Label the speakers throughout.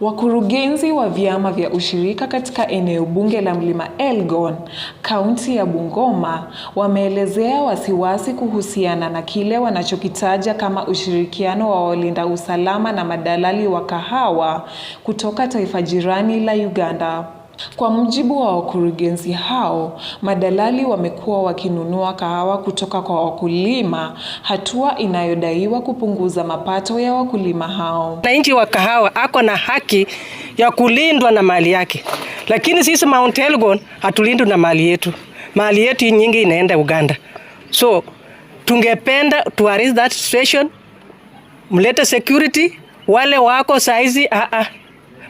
Speaker 1: Wakurugenzi wa vyama vya ushirika katika eneo bunge la Mlima Elgon, kaunti ya Bungoma, wameelezea wasiwasi kuhusiana na kile wanachokitaja kama ushirikiano wa walinda usalama na madalali wa kahawa kutoka taifa jirani la Uganda. Kwa mujibu wa wakurugenzi hao, madalali wamekuwa wakinunua kahawa kutoka kwa wakulima, hatua inayodaiwa kupunguza mapato ya wakulima hao.
Speaker 2: Mwananchi wa kahawa ako na haki ya kulindwa na mali yake, lakini sisi Mount Elgon hatulindwi na mali yetu. Mali yetu nyingi inaenda Uganda, so tungependa to arrest that situation, mlete security wale wako saizi. Ah, ah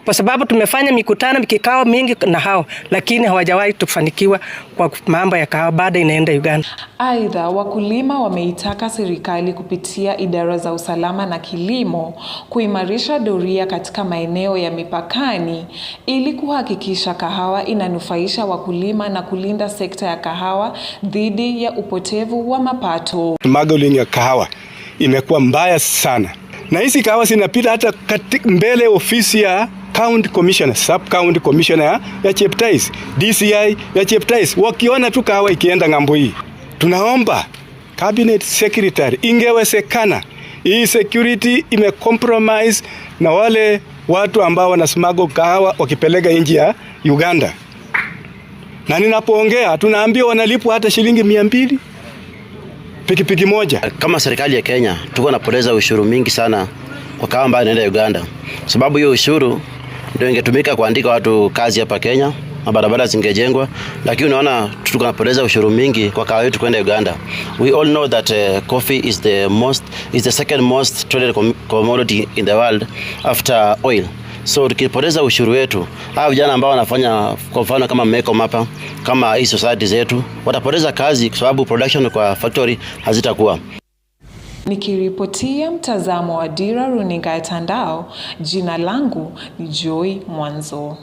Speaker 2: kwa sababu tumefanya mikutano mikikao mingi na hao, lakini hawajawahi tufanikiwa kwa mambo ya kahawa, bado inaenda Uganda.
Speaker 1: Aidha, wakulima wameitaka serikali kupitia idara za usalama na kilimo kuimarisha doria katika maeneo ya mipakani ili kuhakikisha kahawa inanufaisha wakulima na kulinda sekta ya kahawa dhidi ya upotevu wa mapato.
Speaker 3: Smuggling ya kahawa imekuwa mbaya sana, na hizi kahawa zinapita hata mbele ofisi ya county commissioner, sub county commissioner ya, ya Cheptais, DCI ya Cheptais wakiona tu kahawa ikienda ng'ambo hii, tunaomba cabinet secretary, ingewezekana hii security imecompromise na wale watu ambao wanasimago kahawa wakipeleka nje ya Uganda, na ninapoongea tunaambiwa wanalipwa hata shilingi mia mbili pikipiki moja.
Speaker 4: Kama serikali ya Kenya tuko napoteza ushuru mingi sana kwa kahawa ambayo inaenda Uganda, sababu hiyo ushuru ndio ingetumika kuandika watu kazi hapa Kenya na barabara zingejengwa, lakini unaona tunapoteza ushuru mingi kwa kawaida yetu kwenda Uganda. We all know that uh, coffee is the most is the second most traded commodity in the world after oil. So tukipoteza ushuru wetu, hawa vijana ambao wanafanya kwa mfano kama meko mapa kama hii society zetu watapoteza kazi kwa sababu production kwa factory hazitakuwa
Speaker 1: Nikiripotia mtazamo wa Dira Runinga ya Tandao, jina langu ni Joy Mwanzo.